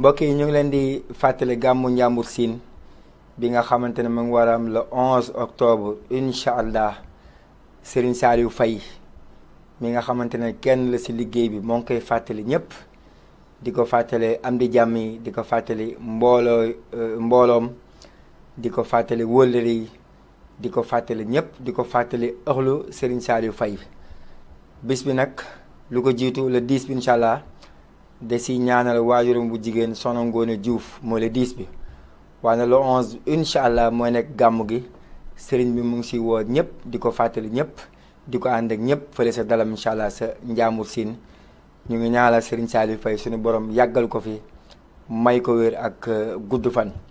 mbokk yi ñu ngi leen di fàttali gàmmu Njàmbur Siin bi nga xamante ne mu ngi war a am le 11 octobre incha allah Serigne Saliou fay mi nga xamante ne kenn la si liggéey bi moo ngi koy fàttali ñëpp di ko fàttali am di jàmm yi di ko fàttali mbooloo euh, mbooloom di ko fàttali wëllëri di ko fàttali ñëpp di ko fàttali ëxlu Serigne Saliou Faye bis bi nag lu ko jiitu le 10 bi incha allah. da si ñaanal waajuram bu jigéen Soxna Ngoone Diouf mooy diis 10 bi waaye le 11 incha allah mooy nekk gàmm gi sëriñ bi mu ngi si woo ñëpp di ko fàttali ñëpp di ko ànd ak ñëpp fële sa dalam incha allah sa njaamur siin ñu ngi ñaanal sëriñ Saliou Faye suñu borom yàggal ko fii may ko wér ak gudd fan.